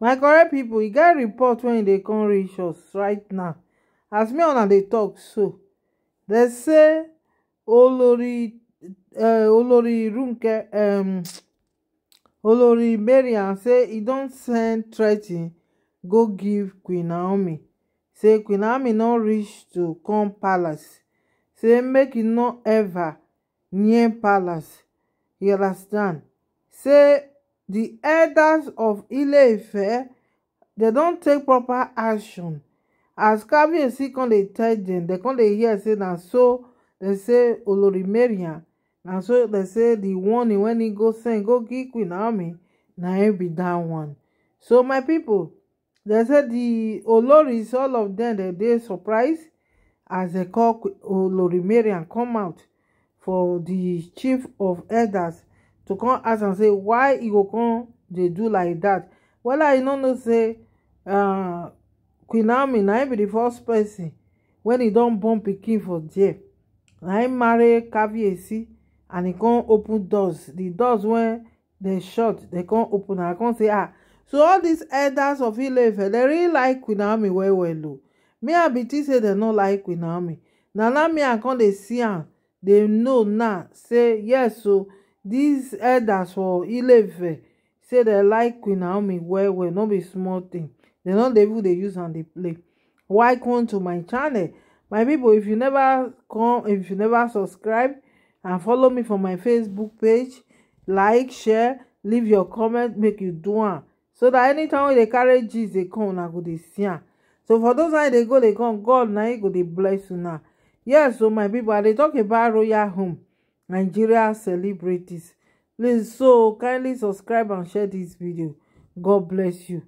my correct pipo e get report wen e dey come reach us right now as una dey tok so dey say olori eh, olori iberia say e don send threatening go give queen naomi say queen naomi no reach to come palace say make e no ever near palace you understand say. The elders of ile they don't take proper action as and Sikon they tell them, they come dey hear say na so they say olori mariam na so they say the warning wen e go send go give queen naomi na im be that one so my people, they say the oloris all of them they dey surprised as dem call olori mariam come out for the chief of elders to come ask am say why he go come dey do like that? whether I no know say uh, queen army na be the first person wen e don born pikin for there na im marry caviesi and he come open doors The doors when they shut they come open i come say ah so all these elders of ileife they really like queen naomi well well o oh. me i be say they no like queen naomi na now me i come dey see am dey know now say yes o oh, dis elders for ileife say they like queen naomi well well no be small thing. They no dey even they use and they play Why come to my channel my people? if you never come if you never subscribe and follow me for my facebook page like share leave your comment make you do one so that anytime wey dey carry Jesus, they come and go dey see am so for those time they go they come god now go dey bless una yes So my people, they dey about royal home nigeria celebrities please so kindly subscribe and share this video god bless you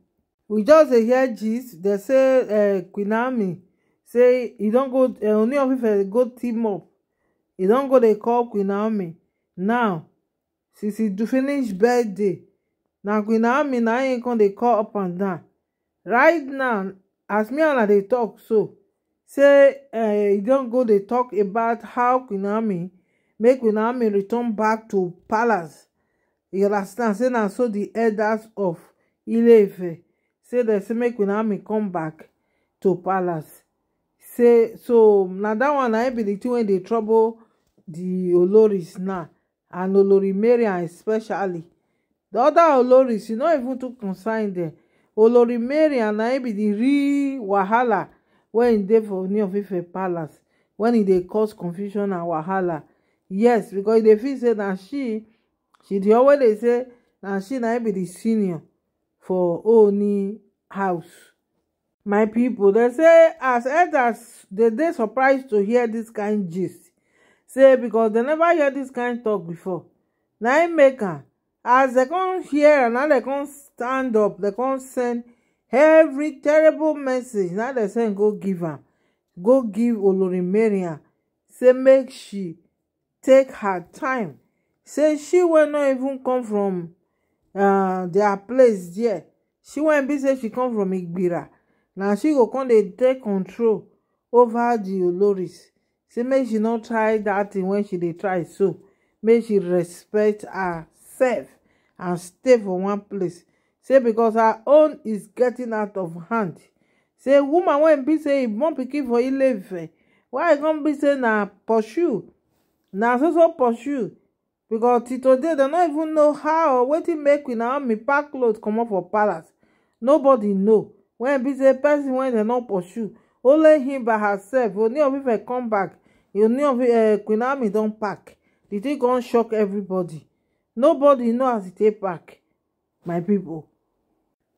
we just hear gist They say eh, queen ami say e don't go eh, only of a good team up e don't go they call queen now since e do finish birthday now queen now na im come dey call up and down right now as me and i dey tok so say eh, e don't go they talk about how queen make queen may return back to palace you understand say na so the elders of ileife say they say make queen may come back to palace say so now that one I be di tin wey they trouble the oloris now and olori marian especially The other oloris you know even too concern dem olori marian na be the re wahala when they for near of ife palace when they e cause confusion and wahala yes because e dey feel say na she she dey always dey say na she na be the senior for Ooni house my people, dem say as elders dem dey surprised to hear this kind gist say because dem never hear this kind talk before na im make am as dem come hear am now dem come stand up dem come send every terrible message Now dem send go give am go give Olori Mariam say make she take her time say she wey no even come from uh, their place there she wen be say she come from igbira na she go come dey take control over the oloris say make she no try that tin wey she dey try so make she respect herself and stay for one place say because her own is getting out of hand say woman wey be say e born pikin for ileife why e come be say na pursue na so so pursue becos till today dem no even know how or wetin make queen naomi pack cloth comot for palace nobody know when be say pesin wey dem no pursue only him by herself oni of ife come back oni of eh, queen naomi don pack di thing con shock everybody nobody know as e take pack my people,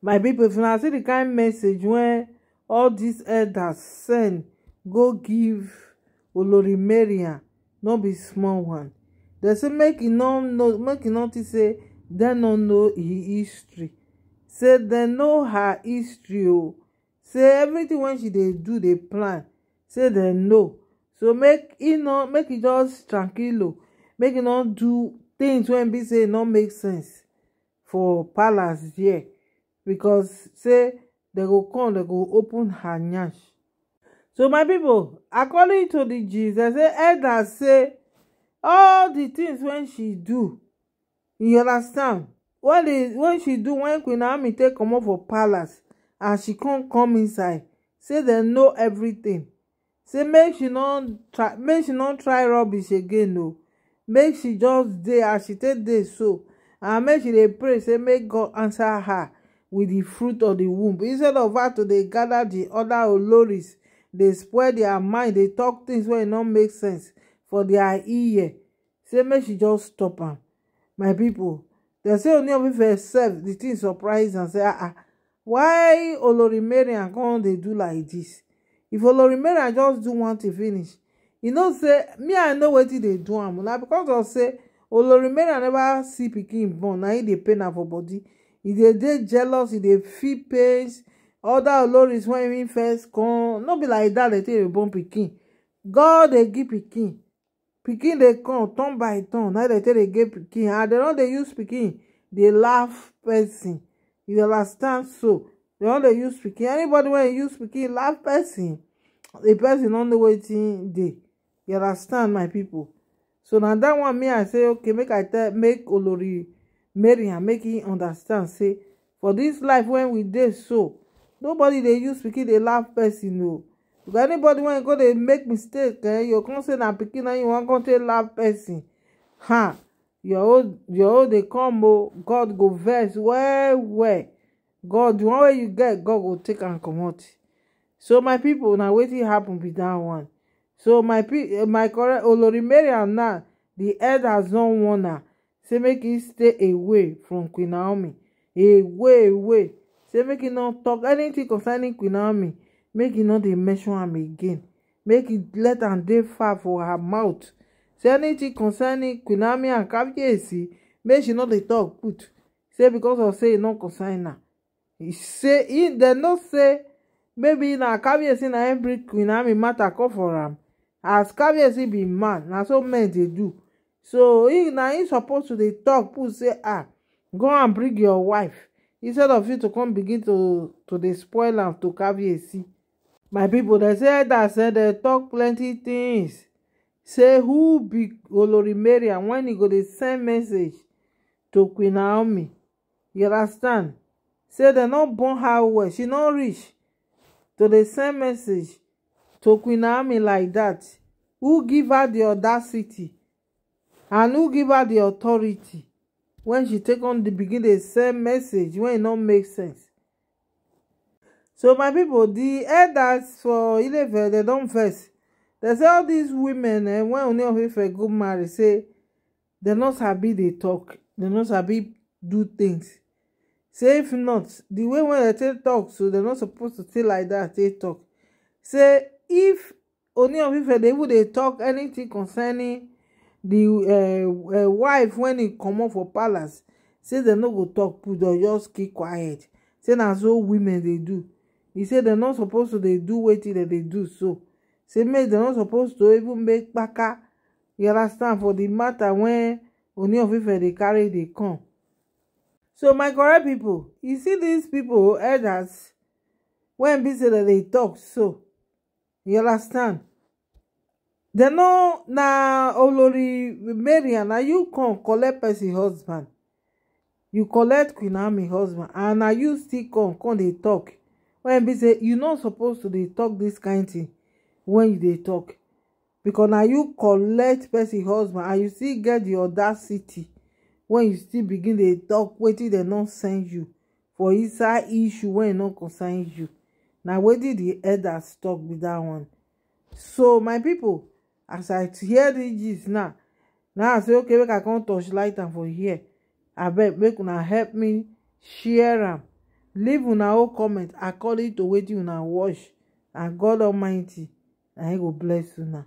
my people. if una see the kind message wey all dis elders send go give olori maria no be small one dem say make e no know make e no think say dem no know e history say dem know her history o oh. say everything wey she dey do dey plan say dem know so make e no make e just tranquilo oh. make e no do things wey be say e no make sense for palace there because say dem go come dem go open her nyash so my pipo according to the Jesus. dem say elder say all the things when she do you understand What is when she do when queen army take comot for palace and she can't come inside say they know everything say make she not try make she not try rubbish again no. make she just dey as she take dey so and make she dey pray say make god answer her with the fruit of the womb instead of her to dey gather the other oloris dey spoil their mind dey talk things wey e no make sense for their ear say make she just stop am my people. dem say only of ife sef di tin surprise am say ah, ah why olorimarian come dey do like this. if olorimarian just do one thing finish e know say me i know wetin dey do am na because of say olorimarian never see pikin born na he dey pain am for body He dey dey jealous He dey feel pains other oloris when we first come no be like that. dey take dey born picking. god dey give picking. Picking they come turn by turn na dey take dey give pikin and dem no dey use pikin dey laugh person you understand so dem no dey use pikin anybody wey use pikin laugh person the person on the waiting day. you understand my people. so now that one me i say okay make i tell make olori mariam make him understand say for this life when we did so nobody dey use pikin dey laugh person o oh. if anybody wen go dey make mistake eh you come say na pikin na you wan come take laugh person ha your own your own dey come o oh. god go vex well well god the one wey you get god go take am comot so my pipo na wetin happen be that one so my eh, my correct olorimarian now di elders don warn her say make e stay away from queen naomi away away say make e no tok anytin concerning queen army make e no dey mention am again make e let am dey far for her mouth say anytin concerning queen army and kavyesi make she no dey tok put say becos of say e no concern am say dem no say maybe na kavyesi na every queen army matter come for am as kavyesi be man na so men dey do so na im suppose to dey tok put say ah go and bring your wife instead of you to come begin to to dey spoil am to caviarcy my people, dem say elders say dem talk plenty things. say who be olori and when e go dey send message to queen naomi you understand say dem no born her well she no reach to dey send message to queen naomi like that, who give her the audacity and who give her the authority When she take on the begin the same message when it e no make sense so my pipo di elders for ilefe dem don't vex dem say all these women eh, When oni of ife go marry say they not sabi They talk. They not sabi do things. say if not the way when they take tok so dem not supposed to stay like that. They talk. say if only of ife dey even they talk anything concerning The di eh, eh, wife when he come up for palace say dem no go talk, put or just keep quiet say na so women dey do He say dem no suppose to dey do wetin dem dey do so say make dem no suppose to even make kpaka you understand for the matter when oni of ife dey carry dey come so my correct people, you see dis pipo elders wen be say dem dey talk so you understand dem no na olori marian na you come collect person husband you collect queen ami husband and na you still come come dey talk When be say you no suppose to dey talk this kind thing when you dey talk because na you collect person husband and you still get the audacity when you still begin dey talk wetin dem no send you for inside issue wey e no concern you na wetin di elders talk be that one so my people as i hear dis gist now now i say okay make i come touch light and for here I beg, make una help me share them. leave una own comment according to wetin una watch and god almighty I him go bless now.